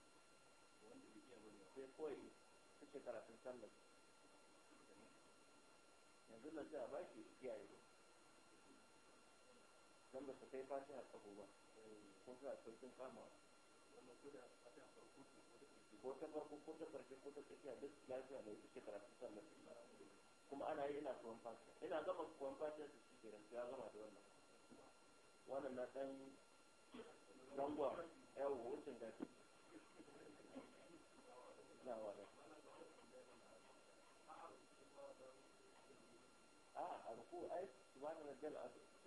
sai kace karatun sallah yanzu na a baki iyaye don ba su kai fashi a tsago ba ko suna sauƙin kama ko ta farko ko ta ƙarshe ko ta tsakiya duk lafiya da ita karatu sallar kuma ana yi ina kuwan fashi ina gama kuwan fashi su ci kenan ya gama da wannan wannan na ɗan dangwa yawo wucin gafi na wadda a a ruku ai subhanahu wa ta'ala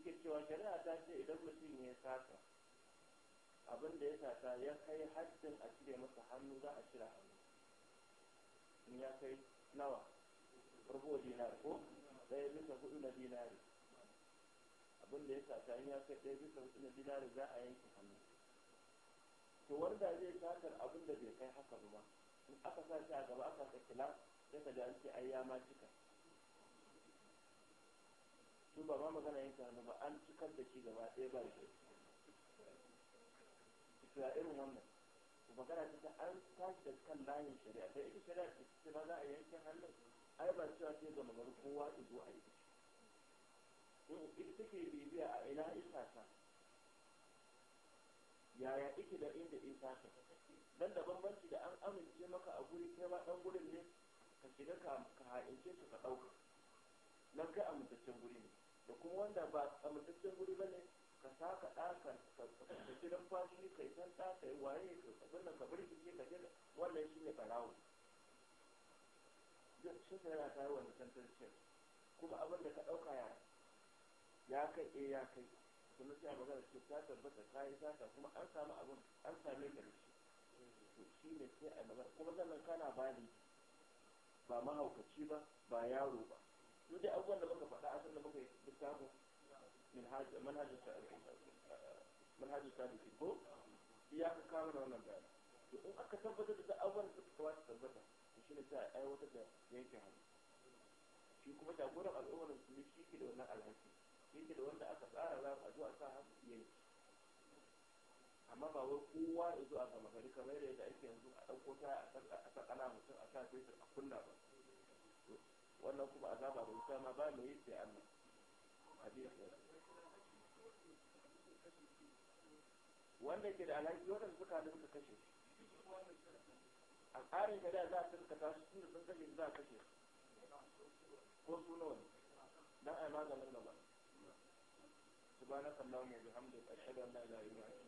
suke cewa shari'a ta ce idan mutum ya sata abin da ya sata ya kai haddin a cire masa hannu za a cire hannu in ya kai nawa rubo dinar ko ɗaya bisa hudu na dinari abin da ya sata in ya kai ɗaya bisa hudu na dinari za a yanke hannu to wanda zai satar abin da bai kai haka ba in aka sa shi a gaba aka saki la sai ka ji an ce ai ya ma cika su ba ma magana yin karatu ba an cikar da shi gaba ɗaya ba shi to a irin wannan magana ta an tashi da kan layin shari'a da ita shari'a ce ba za a yanke hannun ai ba cewa ce ga kowa ta zo a yi ita take bibiya a ina isa ta yaya ike da inda isa ta dan da bambanci da an amince maka a guri kai ma dan gurin ne ka shiga ka ha'ince su ka ɗauka nan kai amintaccen guri ne da kuma wanda ba amintaccen guri ba ne ka saka ɗaka, ka dan fashi ka yi san ɗaka, ka yi waye ka abin ka bari shi, ka jira wannan shi ne ɓarawo shi ne yana tare wanda ce kuma abin da ka ɗauka ya ya kai eh ya kai kuma sai a magana ce ta tabbata ta yi sata kuma an samu abin an same ka da shi to shi ne sai a magana kuma sannan kana bani ba mahaukaci ba ba yaro ba su dai abubuwan da muka faɗa a san da muka yi littafin manhajar eh, manhajar eh, sadiki eh, ko ya ka kawo da wannan bayani to in aka tabbatar da abubuwan da suka kawata tabbata to shi ne za a aiwatar da yankin hannu shi kuma jagoran al'ummar su musulmi shi ke da wannan alhaki shi ke da wanda aka tsara za a zo a sa hannu yanki amma ba wai kowa ya zo a gama gari kamar yadda ake yanzu a ɗauko ta a sakana mutum a sa fetur a kunna ba wannan kuma azaba da ita ma ba mai yi sai Allah hadisi wanda ke da alhaki wanda suka haɗu suka kashe a tsarin shari'a za a tarkata su tunda sun kashe za a kashe ko su nawa ne dan ai maganin gaba subhanakallahumma wa bihamdika ashhadu an la ilaha illa anta